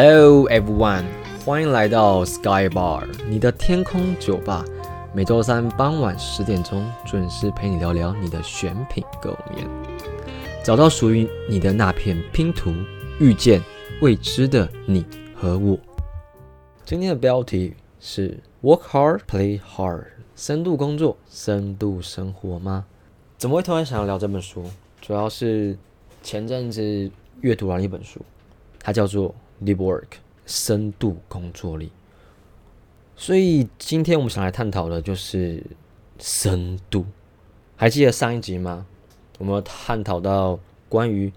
Hello everyone，歡迎來到 Sky Bar 你的天空酒吧。每週三傍晚十點鐘準時陪你聊聊你的選品各方面，找到屬於你的那片拼圖，遇見未知的你和我。今天的標題是 Work Hard, Play Hard，深度工作，深度生活嗎？怎麼會突然想要聊這本書？主要是前陣子閱讀完了一本書，它叫做。Deep work，深度工作力。所以今天我們想來探討的就是深度。還記得上一集嗎？我們探討到關於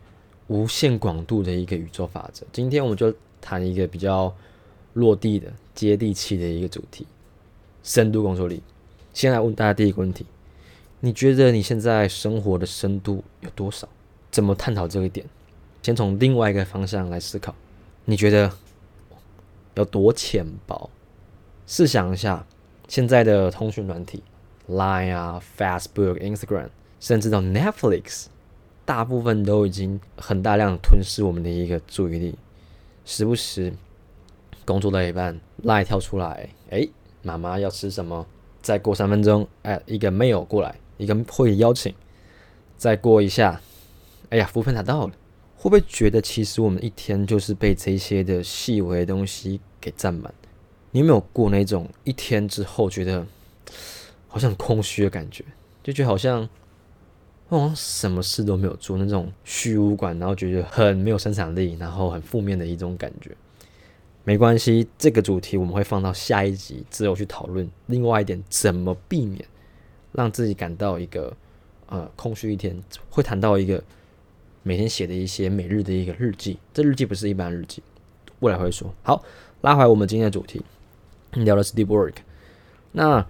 無限廣度的一個宇宙法則。今天我們就談一個比較落地的、接地氣的一個主題——深度工作力。先來問大家第一個問題：你覺得你現在生活的深度有多少？怎麼探討這個點？先從另外一個方向來思考。你覺得有多淺薄？試想一下，現在的通訊軟體，Line 啊、Facebook、Instagram，甚至到 Netflix，大部分都已經很大量吞噬我們的一個注意力。時不時，工作的一半 l i n 跳出來，哎，媽媽要吃什麼？再過三分鐘，哎，一個 mail 過來，一個會議邀請。再過一下，哎呀，扶貧卡到了。會不會覺得其實我們一天就是被這些的細微的東西給占滿？你有沒有過那種一天之後覺得好像空虛的感覺？就覺得好像哦什麼事都沒有做那種虛無感，然後覺得很沒有生產力，然後很負面的一種感覺？沒關係，這個主題我們會放到下一集之後去討論。另外一點，怎麼避免讓自己感到一個呃空虛一天？會談到一個。每天寫的一些每日的一個日記，這日記不是一般的日記。未來會說。好，拉回我們今天的主題，聊的是 Deep Work。那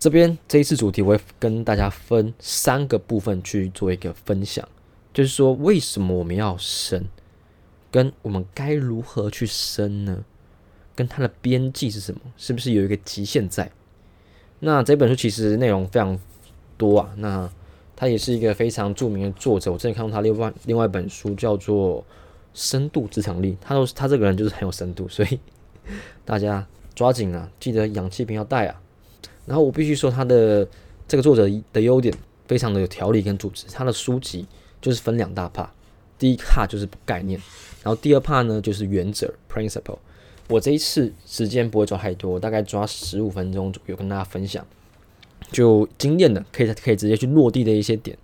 這邊這一次主題，我會跟大家分三個部分去做一個分享，就是說，為什麼我們要深，跟我們該如何去深呢？跟它的邊際是什麼？是不是有一個極限在？那這本書其實內容非常多啊，那。他也是一個非常著名的作者，我之前看到他另外另外一本書叫做《深度職場力》，他說他這個人就是很有深度，所以大家抓緊啊，記得氧氣瓶要帶啊。然後我必須說，他的這個作者的優點非常的有條理跟組織，他的書籍就是分兩大 part，第一 part 就是概念，然後第二 part 呢就是原則 （principle）。我這一次時間不會抓太多，我大概抓十五分鐘左右跟大家分享。就經驗的可以可以直接去落地的一些點，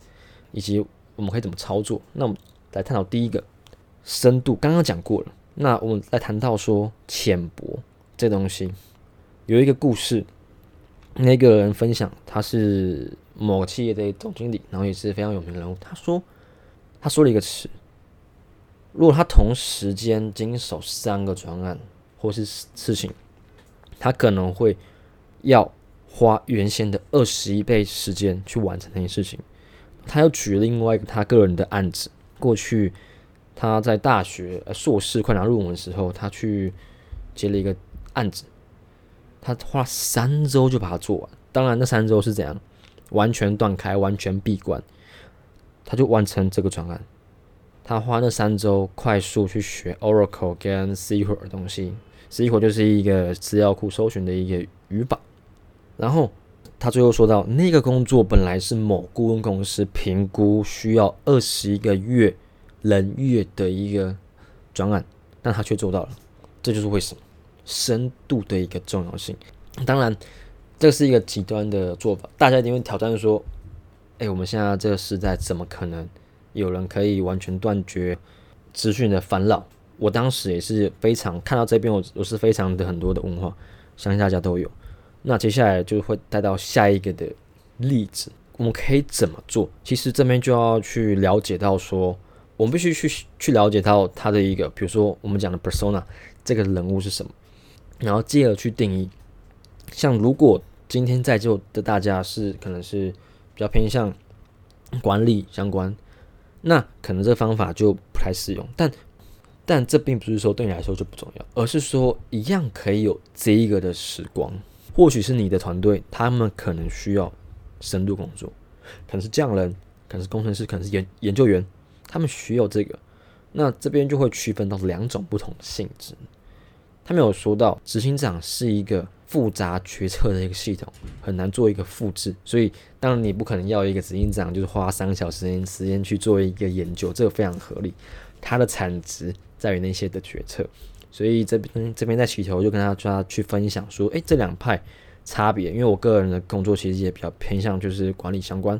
以及我們可以怎麼操作。那我們來探討第一個深度，剛剛講過了。那我們來談到說淺薄這個東西，有一個故事，那個人分享他是某個企業的總經理，然後也是非常有名的人物。他說，他說了一個詞，如果他同時間經手三個專案或是事情，他可能會要。花原先的二十一倍時間去完成那件事情。他又舉了另外一個他個人的案子。過去他在大學、呃、碩士快拿論文的時候，他去接了一個案子，他花了三周就把它做完。當然，那三周是怎樣？完全斷開，完全閉關，他就完成這個專案。他花那三周快速去學 Oracle 跟 SQL 的東西。SQL 就是一個資料庫搜尋的一個語法。然後他最後說到，那個工作本來是某顧問公司評估需要二十一個月人月的一個專案，但他卻做到了，這就是為什麼深度的一個重要性。當然，這是一個極端的做法，大家一定會挑戰說：“哎，我們現在這個時代怎麼可能有人可以完全斷絕資訊的煩惱？”我當時也是非常看到這邊，我我是非常的很多的問話，相信大家都有。那接下來就會帶到下一個的例子，我們可以怎麼做？其實這邊就要去了解到說，我們必須去去了解到他的一個，比如說我們講的 persona 這個人物是什麼，然後進而去定義。像如果今天在座的大家是可能是比較偏向管理相關，那可能這方法就不太適用。但但這並不是說對你來說就不重要，而是說一樣可以有這一個的時光。或許是你的團隊，他們可能需要深度工作，可能是匠人，可能是工程師，可能是研研究員，他們需要這個。那這邊就會區分到兩種不同的性質。他們有說到執行長是一個複雜決策的一個系統，很難做一個複製。所以，當然你不可能要一個執行長，就是花三個小時時間，時間去做一個研究，這個非常合理。它的產值在於那些的決策。所以這邊這邊在祈求，就跟他叫他去分享說，哎、欸，這兩派差別，因為我個人的工作其實也比較偏向就是管理相關，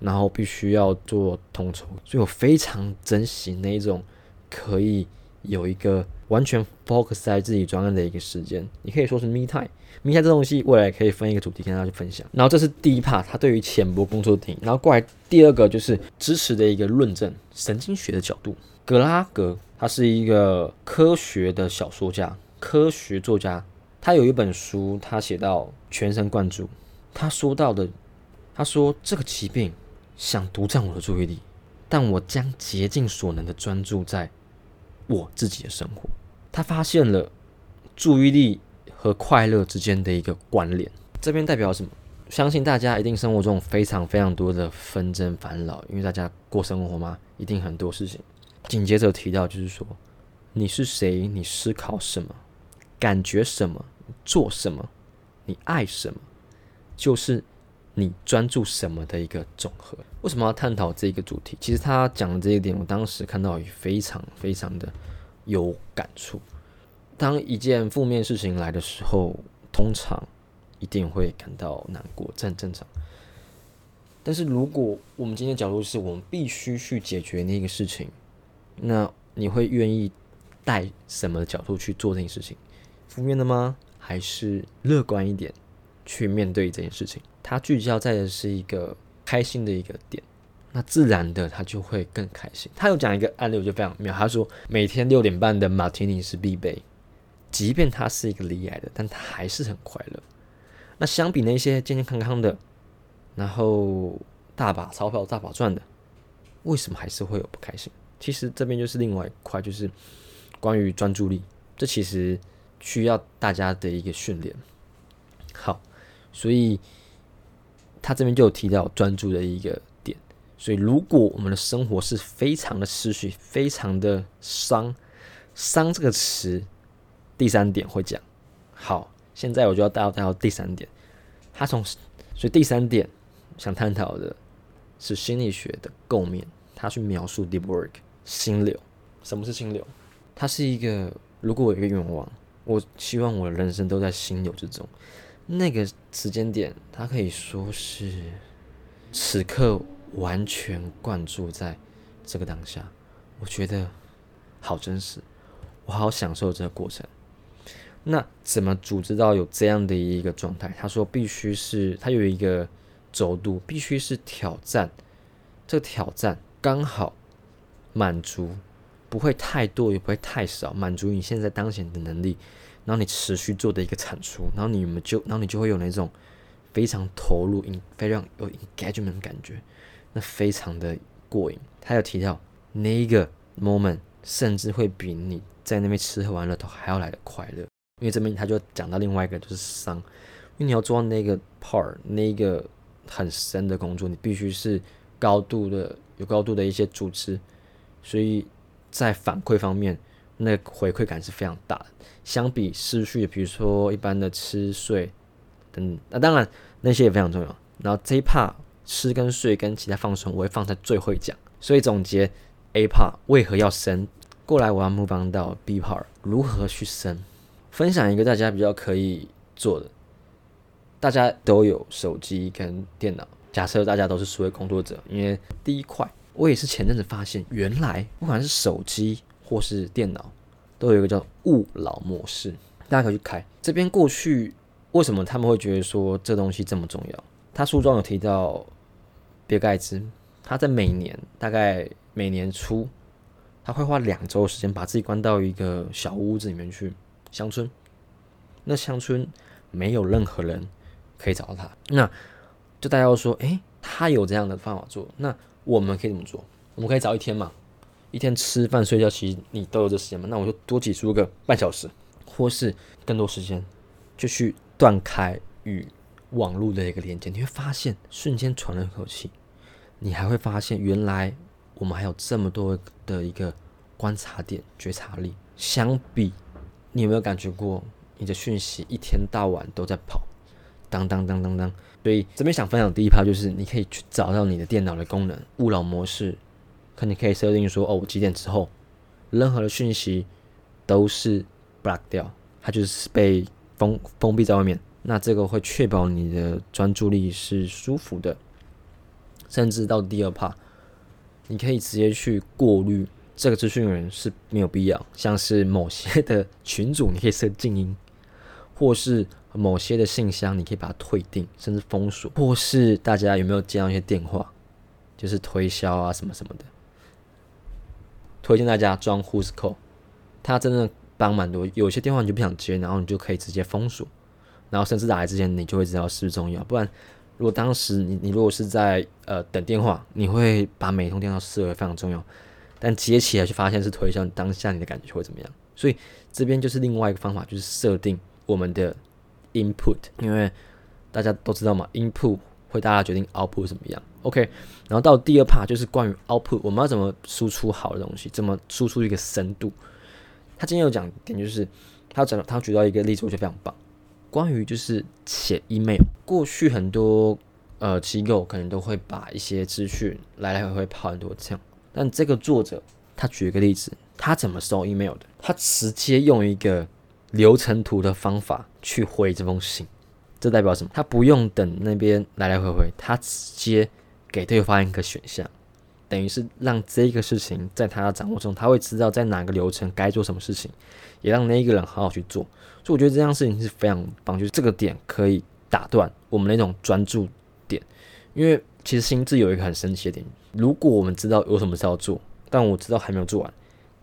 然後必須要做統籌，所以我非常珍惜那一種可以。有一個完全 focus 在自己專案的一個時間，你可以說是 me time thai。me time 這東西未來可以分一個主題跟大家去分享。然後這是第一 part，他對於淺薄工作的定義。然後過來第二個就是支持的一個論證，神經學的角度。格拉格，他是一個科學的小說家，科學作家。他有一本書，他寫到全神貫注。他說到的，他說這個疾病想獨占我的注意力，但我將竭盡所能的專注在我自己的生活，他發現了注意力和快樂之間的一個關聯。這邊代表什麼？相信大家一定生活中非常非常多的紛爭煩惱，因為大家過生活嘛，一定很多事情。緊接着提到就是說，你是誰？你思考什麼？感覺什麼？做什麼？你愛什麼？就是你專注什麼的一個總和。為什麼要探討這個主題？其實他講的這一點，我當時看到也非常非常的有感觸。當一件負面事情來的時候，通常一定會感到難過，這很正常。但是如果我們今天的角度是我們必須去解決那個事情，那你會願意帶什麼角度去做這件事情？負面的嗎？還是樂觀一點去面對這件事情？他聚焦在的是一個。開心的一個點，那自然的他就會更開心。他有講一個案例，我就非常妙。他說每天六點半的馬提尼是必備，即便他是一個離異的，但他還是很快樂。那相比那些健健康康的，然後大把鈔票大把賺的，為什麼還是會有不開心？其實這邊就是另外一塊，就是關於專注力，這其實需要大家的一個訓練。好，所以。他這邊就有提到專注的一個點，所以如果我們的生活是非常的失序，非常的熵，熵這個詞，第三點會講。好，現在我就要帶到帶到第三點，他從所以第三點想探討的是心理學的構面，他去描述 deep work 心流。什麼是心流？它是一個，如果我有一個願望，我希望我的人生都在心流之中。那個時間點，他可以說是此刻完全灌注在這個當下，我覺得好真實，我好享受這個過程。那怎麼組織到有這樣的一個狀態？他說必須是他有一個軸度，必須是挑戰，這個挑戰剛好滿足。不會太多，也不會太少，滿足你現在當前的能力，然後你持續做的一個產出，然後你們就，然後你就會有那種非常投入、非常有 engagement 的感覺，那非常的過癮。他有提到那一個 moment，甚至會比你在那邊吃喝玩樂都還要來的快樂。因為這邊，他就講到另外一個就是熵，因為你要做到那個 part 那個很深的工作，你必須是高度的有高度的一些組織，所以。在反饋方面，那個、回饋感是非常大的。相比失去，比如說一般的吃睡，等，等，那、啊、當然那些也非常重要。然後這一 part 吃跟睡跟其他放鬆，我會放在最後講。所以總結，A part 為何要深？過來，我要 move on 到 B part 如何去深？分享一個大家比較可以做的。大家都有手機跟電腦，假設大家都是數位工作者，因為第一塊。我也是前陣子發現，原來不管是手機或是電腦，都有一個叫“勿擾”模式，大家可以去開。這邊過去為什麼他們會覺得說這東西這麼重要？他書中有提到，比爾蓋茨他在每年大概每年初，他會花兩周的時間把自己關到一個小屋子裡面去，鄉村。那鄉村沒有任何人可以找到他。那就大家都說，誒，他有這樣的方法做那。我們可以怎麼做？我們可以找一天嘛，一天吃飯睡覺，其實你都有這時間嘛。那我就多擠出個半小時，或是更多時間，就去斷開與網絡的一個連接。你會發現瞬間喘了一口氣，你還會發現原來我們還有這麼多的一個觀察點、覺察力。相比，你有沒有感覺過你的訊息一天到晚都在跑？當當當當當，所以這邊想分享的第一趴，就是，你可以去找到你的電腦的功能勿擾模式，可你可以設定說，哦，幾點之後，任何的訊息都是 block 掉，它就是被封封閉在外面。那這個會確保你的專注力是舒服的。甚至到第二趴，你可以直接去過濾這個資訊源是沒有必要，像是某些的群組，你可以設靜音，或是。某些的信箱，你可以把它退訂，甚至封鎖，或是大家有沒有接到一些電話，就是推銷啊什麼什麼的，推薦大家裝 Whoscall，它真的幫蠻多。有些電話你就不想接，然後你就可以直接封鎖，然後甚至打來之前你就會知道是不是重要。不然，如果當時你你如果是在呃等電話，你會把每通電話設為非常重要，但接起來卻发現是推銷，當下你的感覺就會怎麼樣？所以這邊就是另外一個方法，就是設定我們的。Input，因為大家都知道嘛，Input 會大家決定 Output 怎麼樣。OK，然後到第二 part 就是關於 Output，我們要怎麼輸出好的東西，怎麼輸出一個深度。他今天有講點，就是他講他舉到一個例子，我覺得非常棒。關於就是寫 Email，過去很多呃機構可能都會把一些資訊來來回回跑很多這樣，但這個作者他舉一個例子，他怎麼收 Email 的？他直接用一個流程圖的方法。去回這封信，這代表什麼？他不用等那邊來來回回，他直接給對方一個選項，等於是讓這個事情在他的掌握中，他會知道在哪個流程該做什麼事情，也讓那一個人好好去做。所以我覺得這件事情是非常棒，就是這個點可以打斷我們那種專注點，因為其實心智有一個很神奇的點，如果我們知道有什麼事要做，但我知道還沒有做完，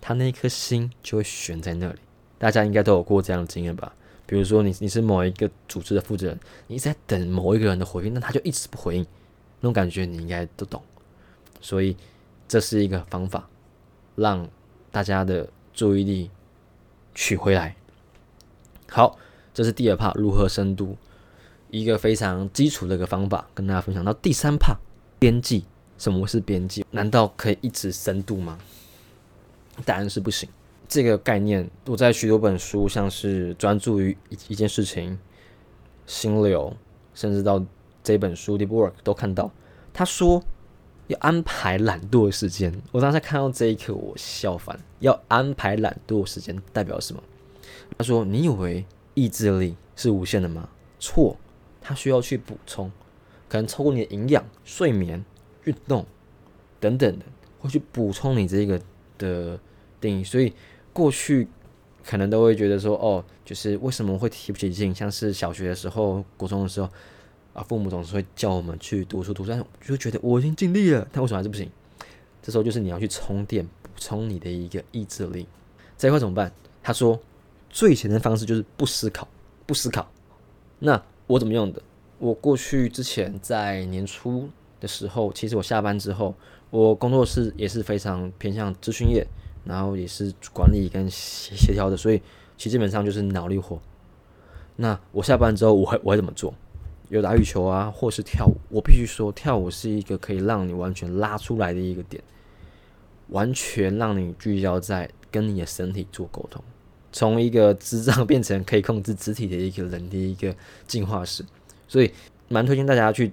他那顆心就會懸在那裡。大家應該都有過這樣的經驗吧？比如說，你你是某一個組織的負責人，你一直在等某一個人的回應，那他就一直不回應，那種感覺你應該都懂。所以，這是一個方法，讓大家的注意力取回來。好，這是第二趴，如何深度？一個非常基礎的一個方法，跟大家分享到第三趴，邊際。什麼是邊際？難道可以一直深度嗎？答案是不行。這個概念，我在許多本書，像是專注於一一件事情，心流，甚至到這本書《Deep Work》都看到。他說要安排懶惰的時間。我剛才看到這一刻，我笑翻。要安排懶惰的時間代表什麼？他說：“你以為意志力是無限的嗎？”錯，他需要去補充，可能透過你的營養、睡眠、運動等等的，會去補充你這個的定義。所以。過去可能都會覺得說，哦，就是為什麼會提不起勁？像是小學的時候、國中的時候，啊，父母總是會叫我們去讀書讀書，就會覺得我已經盡力了，但為什麼還是不行？這時候就是你要去充電，補充你的一個意志力。這一塊怎麼辦？他說最簡單的方式就是不思考，不思考。那我怎麼用的？我過去之前在年初的時候，其實我下班之後，我工作室也是非常偏向資訊業。然後也是管理跟協協調的，所以其實基本上就是腦力活。那我下班之後我，我我會怎麼做？有打羽球啊，或是跳舞。我必須說，跳舞是一個可以讓你完全拉出來的一個點，完全讓你聚焦在跟你的身體做溝通，從一個智障變成可以控制肢體的一個人的一個進化史。所以蠻推薦大家去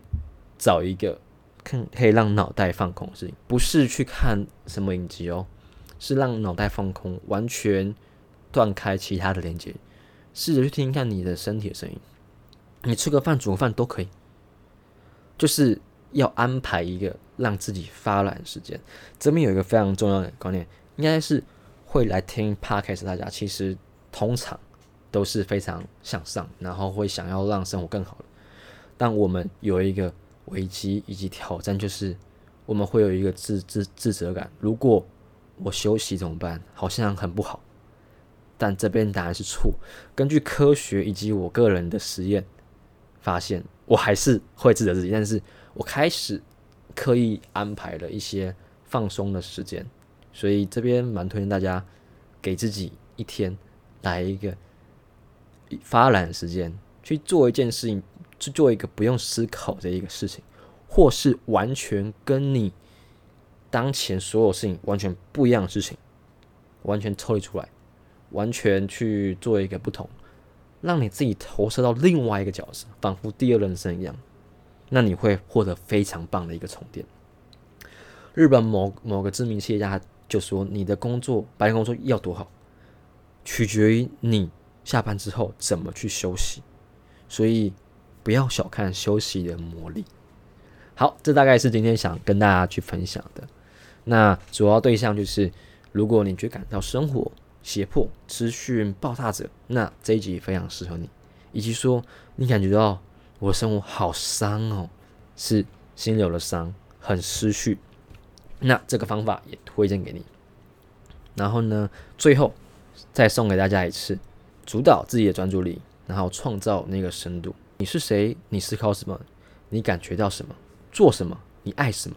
找一個看可以讓腦袋放空的事情，不是去看什麼影集哦。是讓腦袋放空，完全斷開其他的連接，試着去聽聽看你的身體的聲音。你吃個飯、煮個飯都可以，就是要安排一個讓自己發懶的時間。這邊有一個非常重要的觀念，應該是會來聽 Podcast。大家其實通常都是非常向上，然後會想要讓生活更好。但我們有一個危機以及挑戰，就是我們會有一個自自自責感。如果我休息怎麼辦？好像很不好，但這邊答案是錯。根據科學以及我個人的實驗發現，我還是會自責自己，但是我開始刻意安排了一些放鬆的時間，所以這邊蠻推薦大家給自己一天來一個發懶時間，去做一件事情，去做一個不用思考的一個事情，或是完全跟你當前所有事情完全不一樣的事情，完全抽離出來，完全去做一個不同，讓你自己投射到另外一個角色，仿佛第二人生一樣，那你會獲得非常棒的一個充電。日本某某個知名企業家就說：“你的工作，白天工作要多好，取決於你下班之後怎麼去休息。”所以不要小看休息的魔力。好，這大概是今天想跟大家去分享的。那主要對象就是，如果你覺得感到生活脅迫、資訊爆炸者，那這一集非常適合你。以及說你感覺到我的生活好熵哦，是心有了傷，很失序。那這個方法也推薦給你。然後呢，最後再送給大家一次，主導自己的專注力，然後創造那個深度。你是誰？你思考什麼？你感覺到什麼？做什麼？你愛什麼？